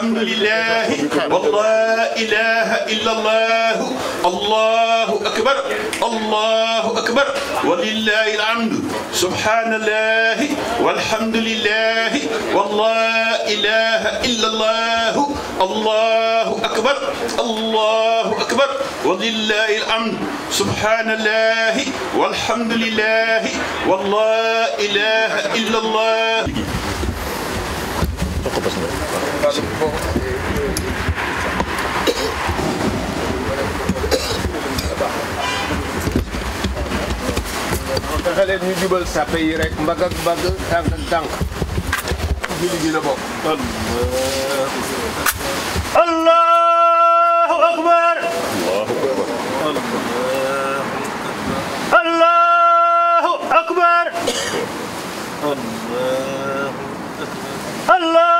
الحمد لله والله إله إلا الله الله أكبر الله أكبر ولله الحمد سبحان الله والحمد لله والله إله إلا الله الله أكبر الله أكبر ولله الحمد سبحان الله والحمد لله والله إله إلا الله 가지고 fexe leen ñu jubal sàppe yi rek mbagg ak mbagg tànk ak tànk julli gi la bokk allahu akbar allahu akbar allahu akbar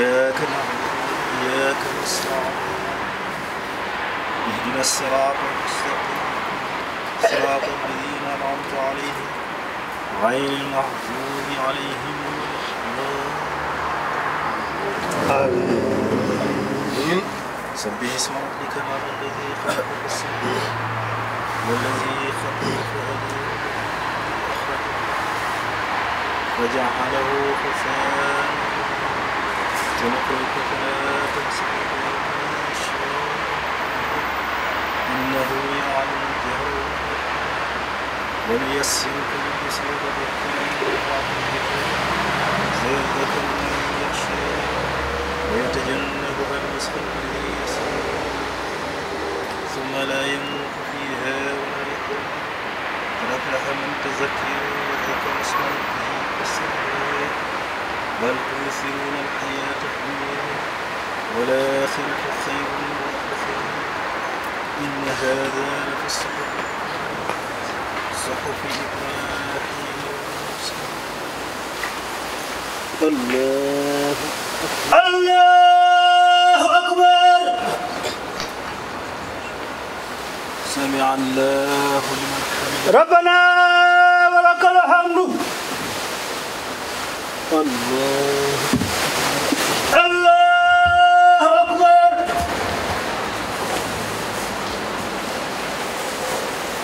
เยอะขึ้นเยอะขึ้นสลออิดินัสลาตุมุสตะกีมสลาตุลลีนอัลอัมตะลีฮิไกรมักดูบิอะลัยฮิมอามีน سبح اسم ربك الأعلى الذي خلق فسوى والذي خلق فهدى وأخرج فجعله غثاء Você não foi encontrado, você إنه يعلم الجهر وليسرك لليسرك زيادة من يخشى ويتجنبها المسك الذي يسر ثم لا يموت فيها ولا يحيى قد أفلح من تزكى وذكر اسم ربه فاستغفر بل تؤثرون ولا خلق خير إن هذا لفي الصحف صحف إبراهيم الله الله أكبر سمع الله لمن حمده ربنا ولك الحمد الله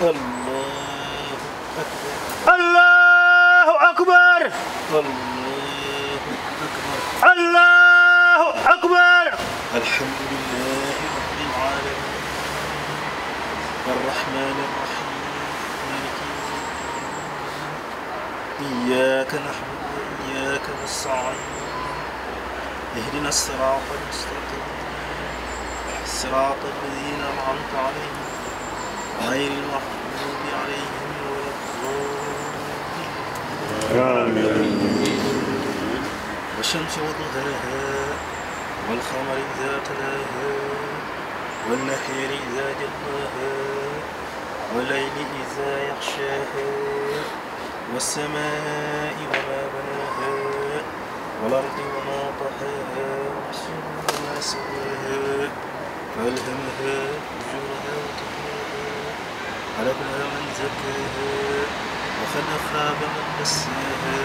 الله أكبر الله أكبر الحمد لله رب العالمين الرحمن الرحيم إياك نحمد وإياك نستعين اهدنا الصراط المستقيم صراط الذين أنعمت عليهم غير المغضوب عليهم ولا الضالين والشمس وضحاها والقمر إذا تلاها والنهار إذا جلاها والليل إذا يغشاها والسماء وما بناها والأرض وما طحاها والسر وما سواها فألهمها فجورها وتقواها أهلكنا من زكاها ومن خاب من دساها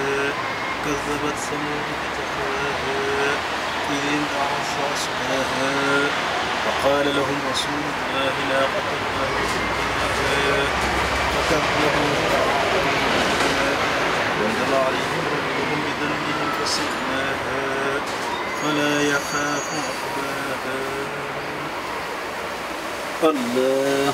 كذبت ثمود بتقواها إذ انبعث أصحابها وقال لهم رسول الله ناقة الله وسقياها فكذبوه وانزل عليهم ربهم بذنبهم فسقناها فلا يخاف عقباها الله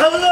Allah. Allah.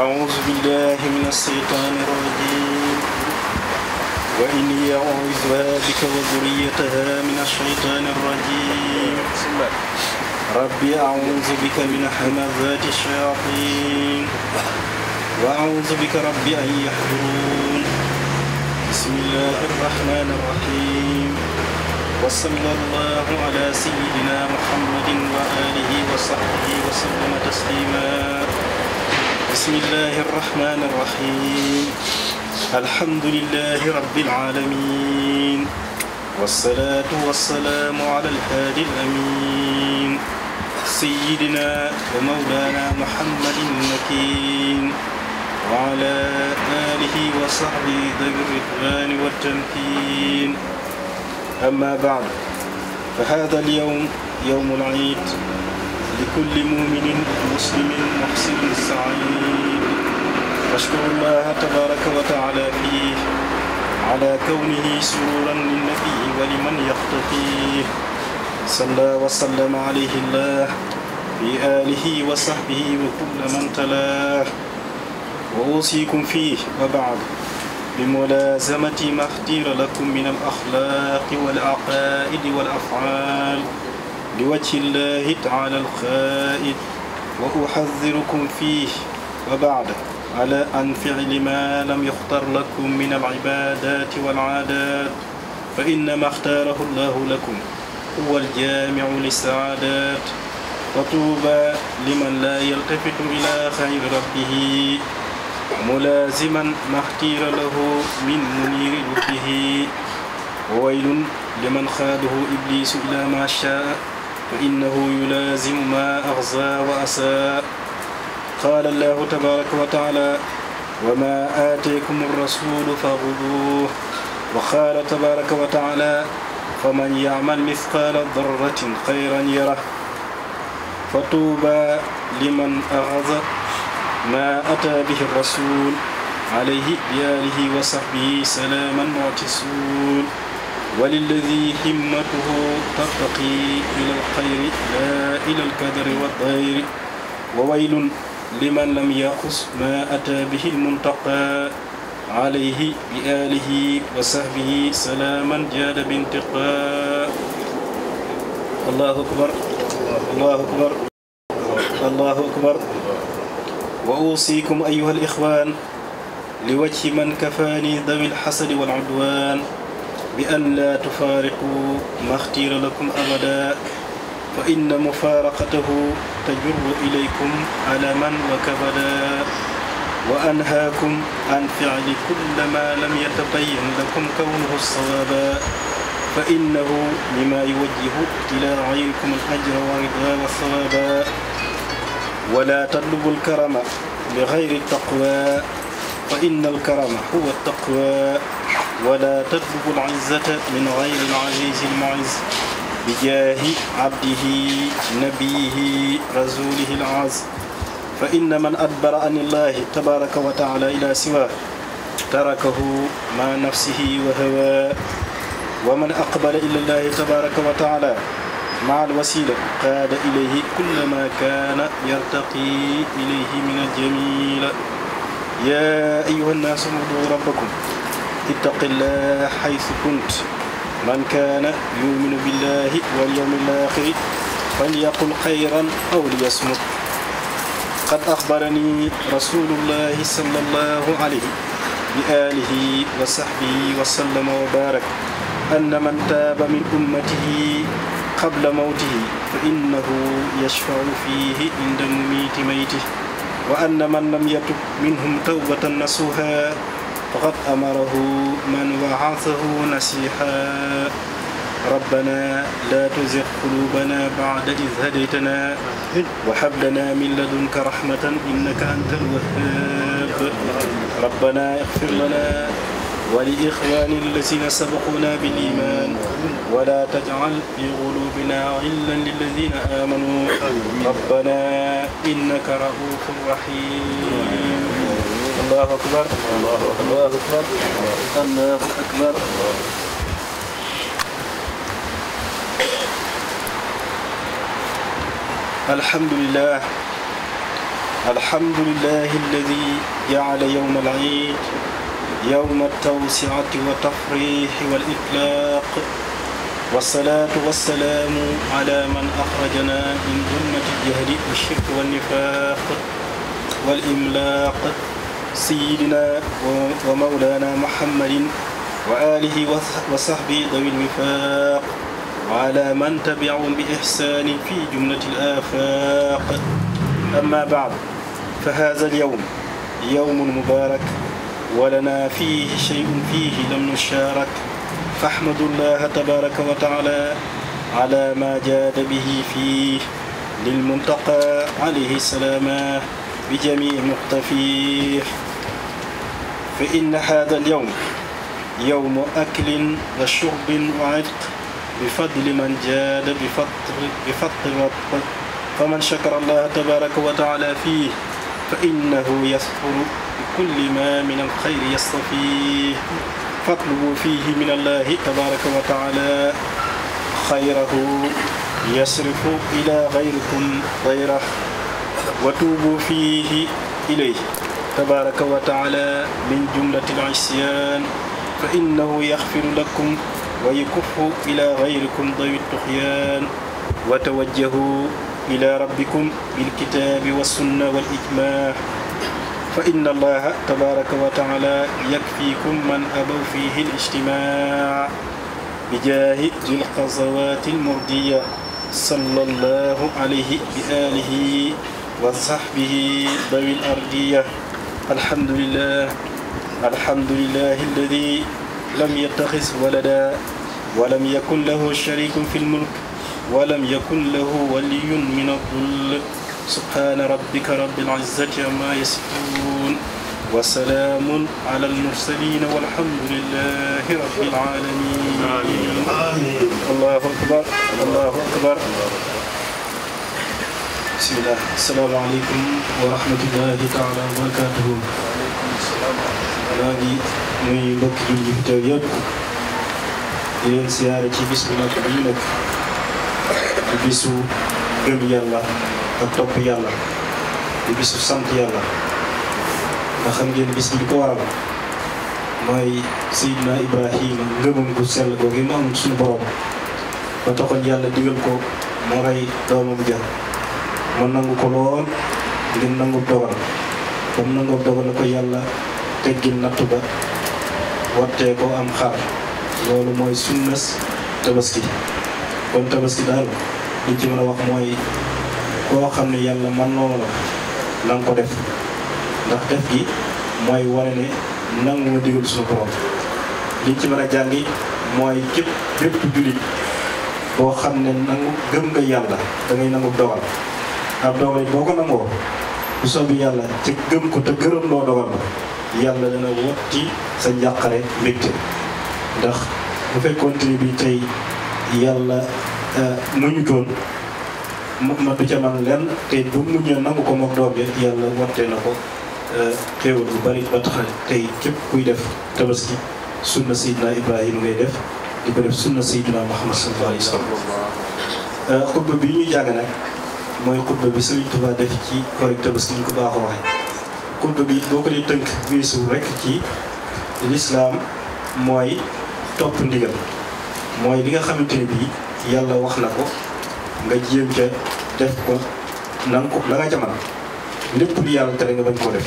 أعوذ بالله من الشيطان الرجيم وإني أعوذها بك وذريتها من الشيطان الرجيم ربي أعوذ بك من همزات الشياطين وأعوذ بك ربي أن يحضرون بسم الله الرحمن الرحيم وصلى الله على سيدنا محمد وآله وصحبه وسلم تسليما بسم الله الرحمن الرحيم الحمد لله رب العالمين والصلاة والسلام على الهادي الأمين سيدنا ومولانا محمد المكين وعلى آله وصحبه ذوي الرضوان والتمكين أما بعد فهذا اليوم يوم العيد لكل مؤمن مسلم محسن سعيد واشكر الله تبارك وتعالى فيه على كونه سرورا للنبي ولمن يقتقيه صلى وسلم عليه الله في آله وصحبه وكل من تلاه وأوصيكم فيه وبعد بملازمة ما اختير لكم من الأخلاق والعقائد والأفعال لوجه الله تعالى الخائد وأحذركم فيه وبعد على أن فعل ما لم يختر لكم من العبادات والعادات فإنما اختاره الله لكم هو الجامع للسعادات وطوبى لمن لا يلتفت إلى خير ربه ملازما ما اختير له من منير لبه وويل لمن خاده إبليس إلى ما شاء فإنه يلازم ما أغزى وأساء قال الله تبارك وتعالى وما آتيكم الرسول فخذوه وقال تبارك وتعالى فمن يعمل مثقال ذرة خيرا يره فطوبى لمن أخذ ما أتى به الرسول عليه بآله وصحبه سلاما معتسون وللذي همته ترتقي إلى الخير لا إلى الكدر والضير وويل لمن لم يأخذ ما أتى به المنتقى عليه بآله وصحبه سلاما جاد بانتقاء الله أكبر الله أكبر الله أكبر وأوصيكم أيها الإخوان لوجه من كفاني ذوي الحسد والعدوان bi an laa tufaariqu maxtiira lakum abada fa inna mufaaraqatahu tajurru ilaykum alaman wa kabada wa anhaakum an ficli kulla ma lam yatabayan lakum kawnuhu sawaaba fa innahu lima yuwajjihu ibtilaa gayrikum al ajra wa ridaa wa sawaaba wala tatlubu alkarama bi gayri taqwa fa inna alkarama huwa taqwa ولا تطلبوا العزة من غير العزيز المعز بجاه عبده نبيه رسوله العز فإن من أدبر عن الله تبارك وتعالى إلى سواه تركه مع نفسه وهواه ومن أقبل إلى الله تبارك وتعالى مع الوسيلة قاد إليه كل ما كان يرتقي إليه من الجميل يا أيها الناس اعبدوا ربكم ittaqillah haysu kunt man kaana yuminu billahi wal yawmil aaxiri falyaqul xayran aw liyasmut qad axbarani rasulullahi sallallahu alayhi bi aalihi wa saxbihi wa sallama wa baarak anna man taaba min ummatihi qabla mawtihi fa innahu yashfau fiihi inda mumiiti mayti wa anna man lam yatub minhum tawbatan nasuha faqad amarahu man waasahu nasiha rabbana la tuzigh qulubana ba'da idh hadaytana wa hab lana min ladunka rahmatan innaka antal wahhab rabbana ighfir lana wa li ikhwanina alladhina sabaquna bil iman wa la taj'al fi qulubina ghillan lil ladhina amanu rabbana innaka ra'ufur rahim الله أكبر الله أكبر الله أكبر الله أكبر الحمد لله الحمد لله الذي جعل يوم العيد يوم التوسعة والتفريح والإطلاق والصلاة والسلام على من أخرجنا من ظلمة الجهل والشرك والنفاق والإملاق سيدنا ومولانا محمد وآله وصحبه ذوي الوفاق وعلى من تبعهم بإحسان في جملة الآفاق أما بعد فهذا اليوم يوم مبارك ولنا فيه شيء فيه لم نشارك فاحمد الله تبارك وتعالى على ما جاد به فيه للمنتقى عليه السلام بجميع مقتفيه فإن هذا اليوم يوم أكل وشرب وعتق بفضل من جاد بفضل بفضل رب فمن شكر الله تبارك وتعالى فيه فإنه يسخر بكل ما من الخير يصطفيه فاطلبوا فيه من الله تبارك وتعالى خيره يصرف إلى غيركم غيره wa tuubu fiihi ilayhi tabaraka wa taala min jumlati al isyan fa innahu yaxfiru lakum wa yakuffu ila gayrikum dawi tuxyaan wa tawajjahu ila rabbikum bilkitaabi wassunna wal ijmaa fa inna allaha tabaraka wa taala yakfiikum man abaw fiihi al ijtimaa bijaahi dil xazawaati al murdiya sallallahu alayhi bi aalihi wa sahbihi dawil ardiya alhamdulillah alhamdulillah alladi lam yattaxis walada walam yakun lahu sharikun fi lmulk walam yakun lahu waliyun min addull subhana rabbika rabbil izzati amma yasifun wa salaamun ala almursalin walhamdulillahi rabbil alamin allahu akbar allahu akbar bismillah asalaamaaleykum wa rahmatullahi taala wa barakaatuhu maa ngi nuyu mbokk jullit yi fi teew yëpp ci bis bu mag bii nag di bisu gëm yàlla ak topp yàlla bisu sant yàlla nga xam ngeen bis bi ko waral mooy Seydina Ibrahima ngëmam gu sell googu mu am suñu borom ba taxoon yàlla digal ko mu rey doomam mu nangu ko lool ngir nangu dogal ba mu nangu na ko yàlla teggil natt ba wattee ko am xar loolu mooy sunnas tabaski kon tabaski daal li ci mën a wax mooy koo xam ne yàlla man noonu la na ko def ndax def gi mooy wane ne nangu nga digal suñu borom liñ ci mën a jàngi mooy képp bépp jullit boo xam ne nangu gëm nga yàlla dangay ngay nangu dogal ab dogal boo ko nangoo bu soobee yàlla ci gëm ko te gërëm loo dogal la yàlla dana wotti sa njàqare mbégte ndax bu fekkoon ne bi tey yàlla euh, muñutoon ma du ca man lenn te bu muñee nangu ko moom doom bi yàlla wottee na ko euh, xéewal bu bari ba tax tey képp kuy def tabaski sunna sayyidina Ibrahima ngay def di ko def sunna sayyidina Muhammad sallallahu alayhi wa sallam euh, xutba bi ñuy jàng nag mooy xutba bi Sëriñ Tuubaa def ci correcteur bi suñ ko baaxoo waxee xutba bi boo ko dee tënk wiisu rekk ci lislaam mooy topp ndigal mooy li nga xamante ne bii yàlla wax la ko nga jéem ca def ko nan ko la nga ca mën lépp lu yàlla tere nga bañ koo def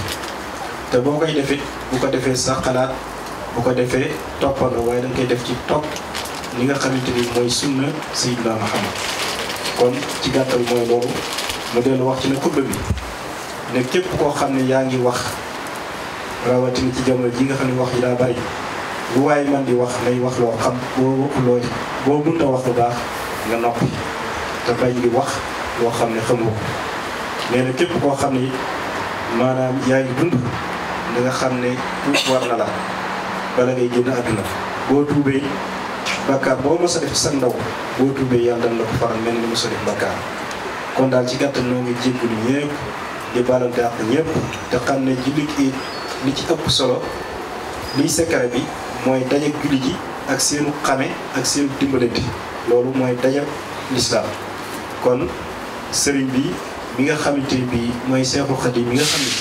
te boo koy defit bu ko defee sa xalaat bu ko defee toppandoo waaye da koy def ci topp li nga xamante ni mooy sunna Sayyidina Muhammad kon ci gàttal mooy loolu mu dellu wax ci ne xutba bi ne képp koo xam ne yaa ngi wax rawatina ci jamono ji nga xam ne wax yi daa bari bu waaye man di wax nay wax loo xam boo waxuloo boo mënta wax lu nga noppi te di wax loo xam ne xamoo ko képp koo xam ne maanaam yaa ngi dund nga xam ne tuub war na la bala ngay génn àdduna boo tuubee bàkkaar boo mos a def sa ndaw boo tuubee yàlla dana la ko faral mel ni mos def bàkkaar kon daal ci gàttal noo ngi jéggalu ñëpp di baalante àq ñëpp te xam ne jullit yi li ci ëpp solo liy secret bi mooy dajak julli ji ak seenu xame ak seenu bi loolu mooy daja lislaam kon sëriñ bi bi nga xamante ne bii mooy Seexul Xadiim mi nga xam ne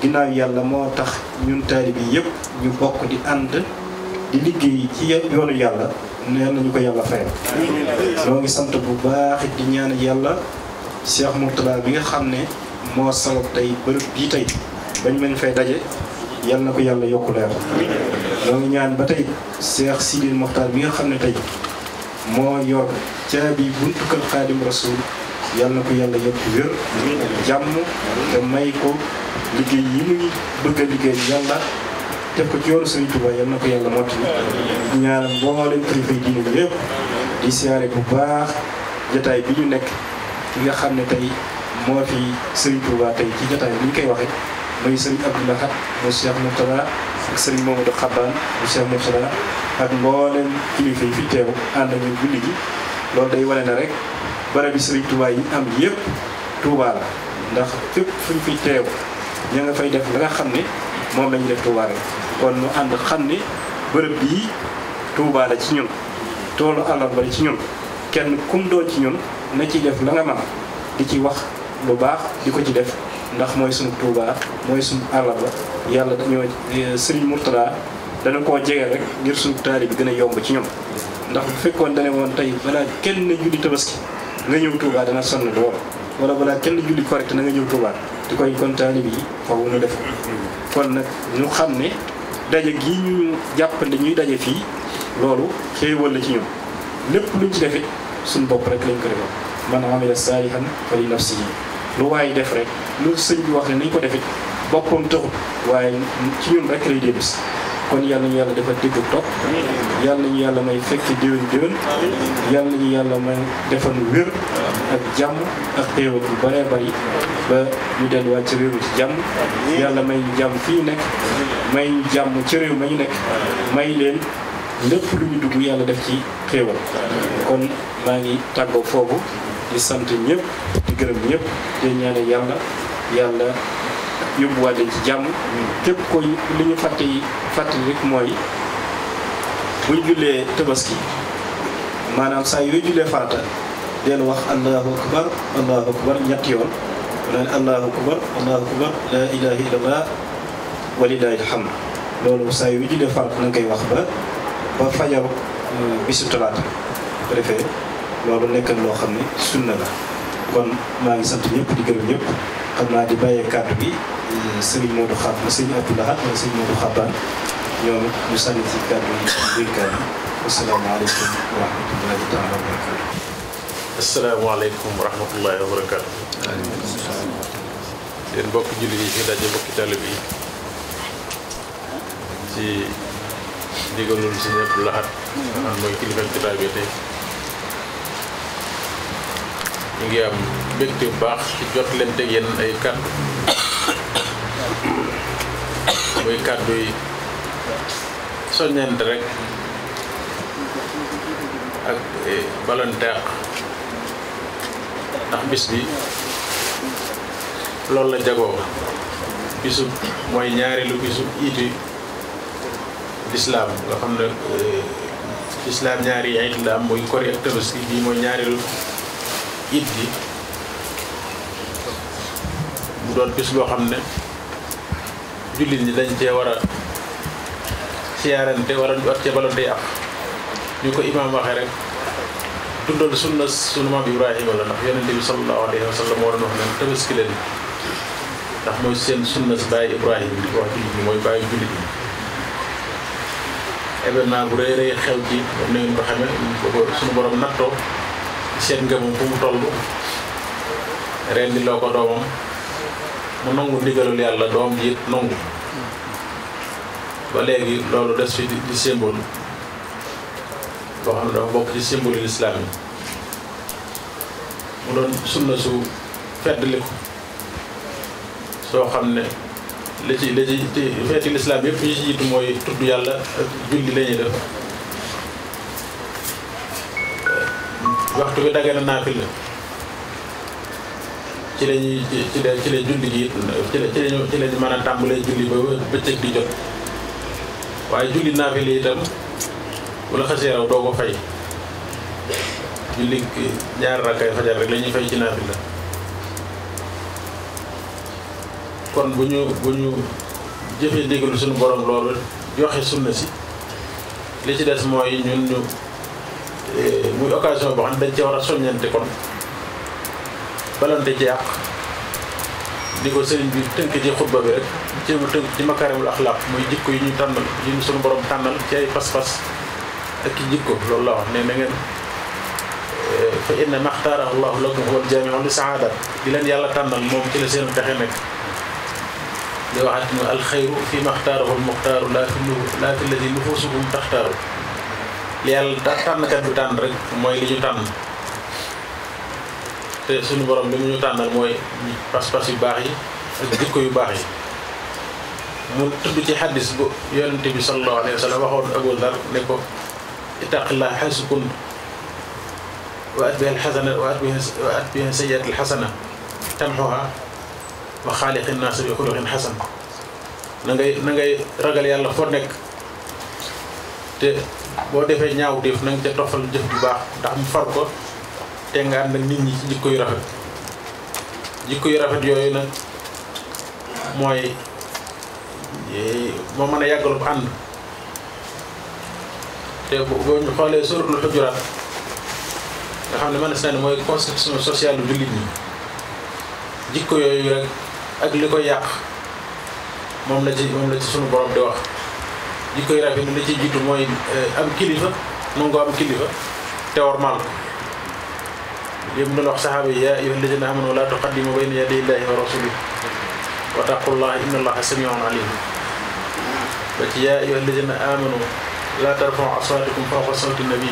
ginnaaw yàlla moo tax ñun taalibe bi yëpp ñu bokk di ànd di liggéey ci yoonu yàlla neen nañu ko yàlla fayal loo ngi sant bu baax di ñaan yàlla Cheikh Mourtada bi nga xam ne moo sabab tey bërëb bii tey bañ mañ fay daje yàlla na ko yàlla yokk leer loo ngi ñaan ba tey Cheikh Sidil Mokhtar bi nga xam ne tey moo yor caabi buntu kër Xaadim Rasul yàlla na ko yàlla yokk wér jàmm te may ko liggéey yi muy bëgg a liggéey yàlla def ko ci yoonu Serigne Touba yal na ko yàlla mot ci ñaanal mboolem kilifa yi diine bi di siyaare bu baax jataay bi ñu nekk ki nga xam ne tey moo fi Serigne Touba tey ci jotaay bi ñu koy waxee mooy Serigne Abdou Lahad mu Cheikh Mourtada ak Serigne Mamadou Khabane mu Cheikh Mourtada ak mboolem kilifa yi fi teew ànd ak ñun guddi gi loolu day wane na rek barab bi Serigne yi am yëpp Touba la ndax fépp fu ñu fiy teew ña nga fay def la nga xam ne. moom lañu def Touba rek kon ñu ànd xam ni bërëb bii Touba la ci ñun toolu àllarba la ci ñun kenn kum doon ci ñun na ci def la nga mën di ci wax lu baax di ko ci def ndax mooy suñu Touba mooy suñu ba yàlla dañoo eh, Sëriñ Mourtada dana koo jege rek ngir suñu taali bi gën a yomb ci ñun ndax bu fekkoon dane woon tey balaa kenn julli tabaski nga ñëw Touba dana sonn lool wala balaa kenn julli correct na nga ñëw Touba di koy kon taali bi foofu nu def kon nag ñu xam ne daje gi ñu jàppale ñuy daje fii loolu xéewal la ci ñun lépp luñ ci defee suñ bopp rek lañ ko defal man amila saalihan fa li nafsihi lu waaye def rek lu sëñ bi wax ne nañ ko defee boppam taxut waaye ci ñun rek lay dellusi kon yàlla yàlla defal dégg topp yàlla ñu yàlla may fekk déwén déwén yàlla ñu yàlla may defal wér ak jàmm ak xéewal bu baree bari ba ñu delluwaat ci réew ci jàmm yàlla may ñu jàmm fii ñu nekk may ñu jàmm ci réew ma ñu nekk may leen lépp lu ñu dugg yàlla def ci xéewal kon maa ngi tàggoo foofu di sant ñëpp di gërëm ñëpp di ñaane yàlla yàlla yóbbuwaat leen ci jàmm képp ko li ñu fàtte yi fàttali rek mooy bu ñu jullee tabaski maanaam saa yooyu jullee farata deel wax allahu akbar allahu akbar ñetti yoon naan allahu akbar allahu akbar laa ilaha illallah walillahi alhamd loolu saa yu jullee farat na ngay wax ba ba fajar euh, bisu talaata bu loolu nekk loo xam ne sunna la kon maa ngi sant ñëpp di gërëm ñëpp xam naa di bàyyee kàddu bi euh, sëriñ Modou Xaban sëriñ Abdoulaye wala sëriñ Modou Xaban ñoom it ñu sànni si kàddu yi dénkaan yi asalaamaaleykum wa rahmatullahi taala wa barakatu asalaamaaleykum wa rahmatullahi wa barakatu yéen mbokki jullit yi fi daje mbokki talib yi ci digalul si ñëpp laxat mooy kilifa jotaay bi tey ñu ngi am mbégte baax ci jot leen teg yéen ay kàddu muy kàddu yi soññante rek ak eh, balante ndax bis bi loolu la jagoo bisub mooy ñaareelu bisub iiti lislaam nga xam ne eh, lislaam ñaari ayit la am muy kori ak tabaski bii mooy ñaareelu iit gi mu doon bis boo xam ne jullit ñi dañ cee war a siyaarante war a war cee balonte ak ñu ko imaam waxee rek dundal sunna sunu maam Ibrahima la ndax yonente bi sallallahu alayhi wa sallam waroon wax ne tabaski leen ndax mooy seen sunna si bàyyi Ibrahima di wax jullit ñi mooy bàyyi jullit ñi événement bu rëy rëy xew ci comme ni xamee suñu borom nattoo seen ngëmam fu mu toll ren di loo ko doomam mu nangu ndigalul yàlla doom ji it ba léegi loolu des fi di symbole boo xam ne dafa bokk ci symbole lislaam yi mu doon sunna su feddli ko soo xam ne li ci li ci ci feeti lislaam yëpp yi ci mooy tudd yàlla ak julli la def waxtu bi dagg na naafila ci la ñuy ci la ci la julli gi ci ci la ci la ñu mën julli ba bëccëg di jot waaye julli naafila itam wala xasee raw doo ko fay julli ñaar rakkay fajar rek la ñuy fay ci naafila kon bu ñu bu ñu jëfee ndigalu suñu borom loolu yoxe sunna si li ci des mooy ñun ñu eh, muy occasion boo xam ne dañ ci war a soññante kon balante ci yàq di ko sëriñ bi tënk ci xutba bi rek a tënk ci makaarimul axlaaq muy jikko yi ñu tànnal yi ñu suñu borom tànnal ci ay pas-pas ak ki jikko loolu la wax ne na ngeen eh, fa inna maxtaara allahu lakum huwa aljaamiu li saada di leen yàlla tànnal moom ci la seen pexe nekk di waxaat mu alxayru fi maxtaarahu almuxtaaru laa fi lu laa fi ladi nufusukum li yàlla tànnkat bi tànn rek mooy li ñu tànn te suñu borom li mu ñu tànnal mooy pas-pas yu baax yi ak jikko yu baax yi mu tudd ci xaddis bu yonente bi sallallahu alayhi wa sallam waxoon Abu Dar ne ko ittaqillah xaysu kun wa atbihi alxasana wa atbihi sayyiat alxasana tamxuha wa xaaliqi naasa bi xuluqin xasan na ngay na ngay ragal yàlla foo nekk te boo defee ñaaw def na nga ca toppal jëf bu baax ndax mu far ko te nga ànd ak nit ñi ci jikko yu rafet jikko yu rafet yooyu nag moo mën a yàggal bu ànd te boo xoolee suratul xujuraat nga xam na mooy constitution sociale bu jullit ñi jikko yooyu rek ak li koy yàq moom la ci moom la ci sunu borom di wax li koy rafet ni la ci jiitu mooy eh, am kilifa nangoo am kilifa te wormaal ko li mu doon wax saxaaba yi yaa ayyuha alladina amanu la tuqaddimu bayna yaday illahi wa rasulih wa taqullaha inna allaha samiun alim ba ci yaa ayyuha alladina amanu la tarfau aswatikum fawqa sawti nabi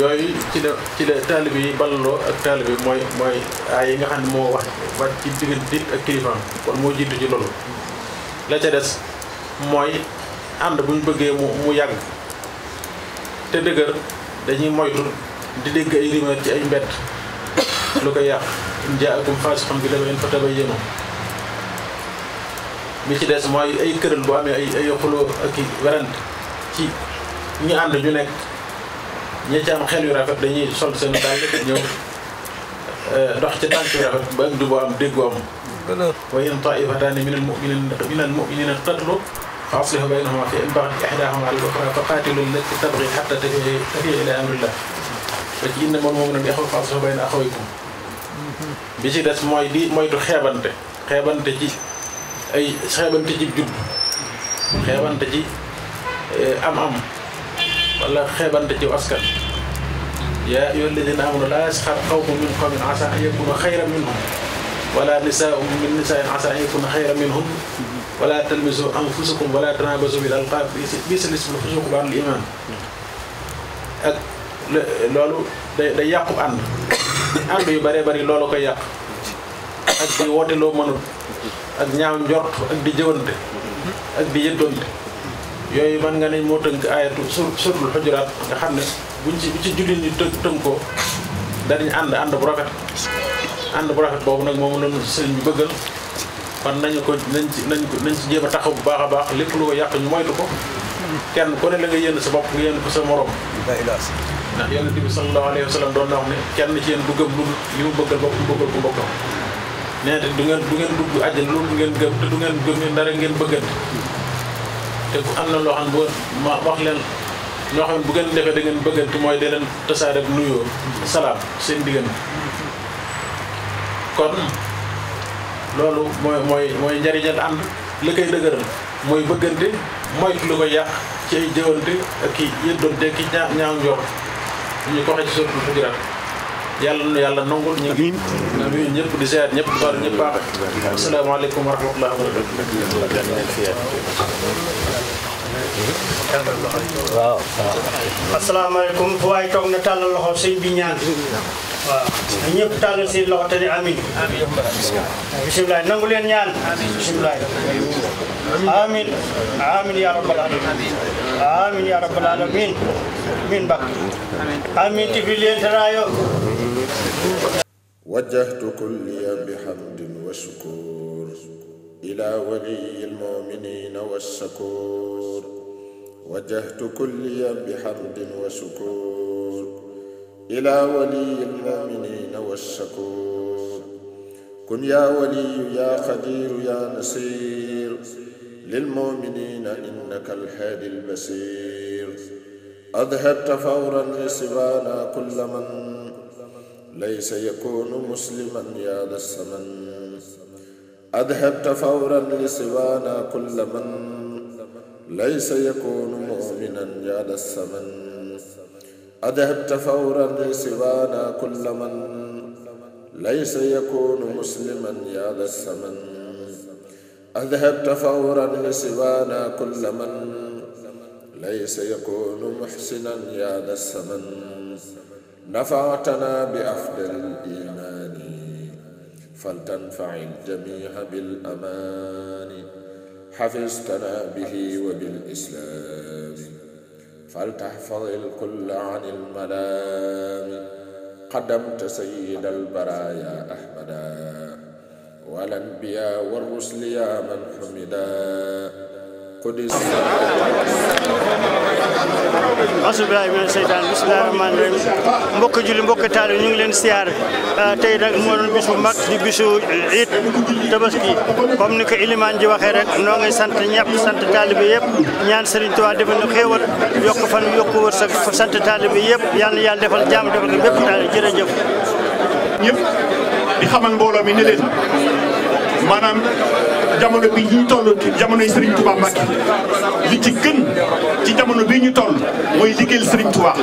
yooyu ci la ci la taalibe yi ballaloo ak taalibe mooy mooy ay yi nga xam ne moo wax wax ci diggante nit ak kilifaam kon moo jiitu ci loolu la ca des mooy ànd bu ñu bëggee mu mu yàgg te dëgër dañuy moytu di dégg ay rumeur ci ay mbett lu ko yàq in jaakum faasiqun bi naba'in fatabayyanu bi ci des mooy ay këral bu amee ay ay xuloo ak i werante ci ñi ànd ñu nekk ñi ci am xel yu rafet dañuy sol seen dàll ñëw euh, dox ci tànk a rafet ba ak juboo am déggoo am wa in taifataani min almuminina min almuminina qatlu fa aslihu baynahuma fa in baxat ihdahuma ala al-uxra fa qaatilu allati tabgi xatta tafiya ila amrillah fa ci inna moom moom nag yaxul bi ci des mooy di moytu xeebante xeebante ci ay xeebante ci jub xeebante ci euh, am am wala xeebante ci askan yaa أيها الذين آمنوا لا يسخر قوم من قوم عسى أن يكونوا خيرا منهم ولا نساء من نساء عسى أن يكونوا خيرا منهم ولا تلمزوا أنفسكم ولا تنابزوا بالألقاب بئس الاسم الفسوق بعد الإيمان ak loolu day day yàqu ànd yu bëree bari loolu koy yàq ak di woote loo mënul ak ñaaw njort ak di jëwante ak di yëddonte yooyu man nga ne moo tënk ayatu sur suratul xujuraat nga xam ne buñ ci bu ci jullit ñi të ko danañ ànd ànd bu rafet ànd bu rafet boobu nag moom lañu sëriñ bi bëggal kon nañu ko nañ ci nañ ko nañ ci jéem a taxaw bu baax a baax lépp lu ko yàq ñu moytu ko kenn ku la nga yéen sa bopp nga yéen ko sa morom ndax yonent bi sallallahu alayhi wa sa doon na wax ne kenn ci yéen bu gëm lu mu bëggal bopp mu bëggal ko mbokkam nee te du ngeen du ngeen dugg àjjana ngeen gëm te du ngeen gëm dara ngeen bëggante te ku am na loo xam ne ma wax leen ñoo xam ne bu ngeen defee da ngeen bëggante mooy da leen tasaare bu nuyoo salaam seen diggante kon loolu mooy mooy mooy njariñal ànd li koy dëgëral mooy bëggante mooy lu ko yàq ci ay jëwante ak ki yëddoonte ki ñaa ñaaw njox ñu ko ci sotti fujuraat yàlla nu yàlla nangul ñu ngi nuyu ñëpp di seet ñëpp di baal ñëpp baax asalaamaaleykum wa rahmatulah wa barakatu waaw asalaamaaleykum fu waay toog na tàllal loxo sëñ amin amin amin ya rabbal amin ya rabbal min bak amin tifi leen taraayo wajjahtu kulliya bihamdin wa shukur ila waliyil mu'minina was وجهت كليا بحمد وشكور إلى ولي المؤمنين والشكور كن يا ولي يا قدير يا نصير للمؤمنين إنك الهادي البصير أذهبت فورا لسبانا كل من ليس يكون مسلما يا ذا السمن أذهبت فورا لسبانا كل من ليس يكون مؤمنا يا ذا السمن أذهبت فورا سوانا كل من ليس يكون مسلما يا ذا السمن أذهبت فورا سوانا كل من ليس يكون محسنا يا ذا السمن نفعتنا بأفضل الإيمان فلتنفع الجميع بالأمان xafistana bihi wa bil islaami faltaxfadil kulla an il madaami qadamta sayyid al baraaya ahmada wal anbiyaa war rusli yaa man xumida القدس asu bilaay mina seytaan bismillahi rahmaani rahim mbokk julli mbokk taali ñu ngi leen siyaar euh, tey nag moo doon bis bu mag di bisu it tabaski comme ni ko ilimaan ji waxee rek noo ngi sant ñëpp sant taalibe yëpp ñaan Sëriñ Tuubaa defal nu xéewal yokk fan yokk wërsëg sant taalibe yëpp yal na yàlla defal jàmm defal ko bépp taali jërëjëf ñëpp di xamal mbooloo mi ne leen maanaam jamono bi ñu toll jamono yi Serigne Touba Mbacke li ci gën ci jamono bi ñu toll mooy liggéeyal Serigne Touba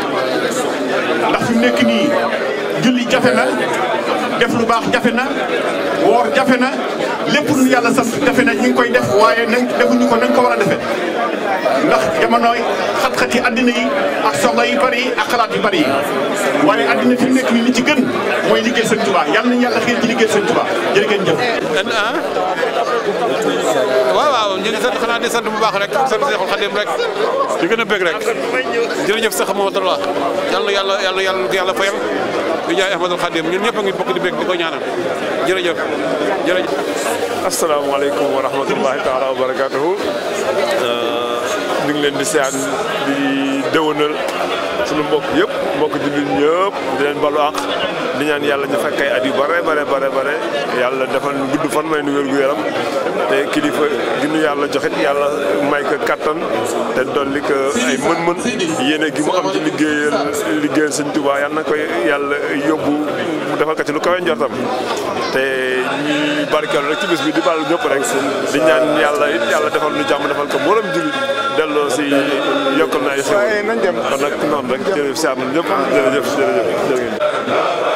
ndax fi mu nekk nii julli jafe na def lu baax jafe na woor jafe na lépp lu yàlla sa jafe na ñu ngi koy def waaye nañ defuñu ko nañ ko war a defee ndax jamonoy xat-xat àddina yi ak soxla yu bari yi ak xalaat yu bari yi waaye àddina fi mu nekk nii li ci gën mooy liggéey Sëñ Tuubaa yàlla nañu yàlla xëy ci liggéey Sëñ Tuubaa jërë jëf ah? waaw waaw ñu ngi sant xanaa di sant bu baax rek sant Seexul Xadim rek di gën a bëgg rek jërëjëf sax Mamadou yal na yàlla yal na yàlla yàlla fayal di jaay Ahmadul Xadim ñun ñëpp a ngi bokk di bëgg di ko ñaanal jërëjëf jërëjëf. asalaamaaleykum wa rahmatullahi taala wa barakaatuhu euh, ñu ngi leen di sean di déwénal sunu mbokk yëpp mbokk jullit ñëpp di leen balu àq. di ñaan yàlla ñu fekk ay at yu bare bare bare bare yàlla defal ñu gudd fan may nu wér gu yaram te kilifa gi ñu yàlla joxit yàlla may ko kattan te dolli ko ay mën-mën yéene gi mu am ci liggéeyal liggéeyal sëñ Tuubaa yàlla na koy yàlla yóbbu defal ko ci lu kawe njortam te ñuy barkeel rek ci bis bi di baal ñëpp rek di ñaan yàlla it yàlla defal ñu jàmm defal ko mboolem jullit delloo si yokkal na ay xew kon nag noonu rek jërëjëf si am na ñëpp jërëjëf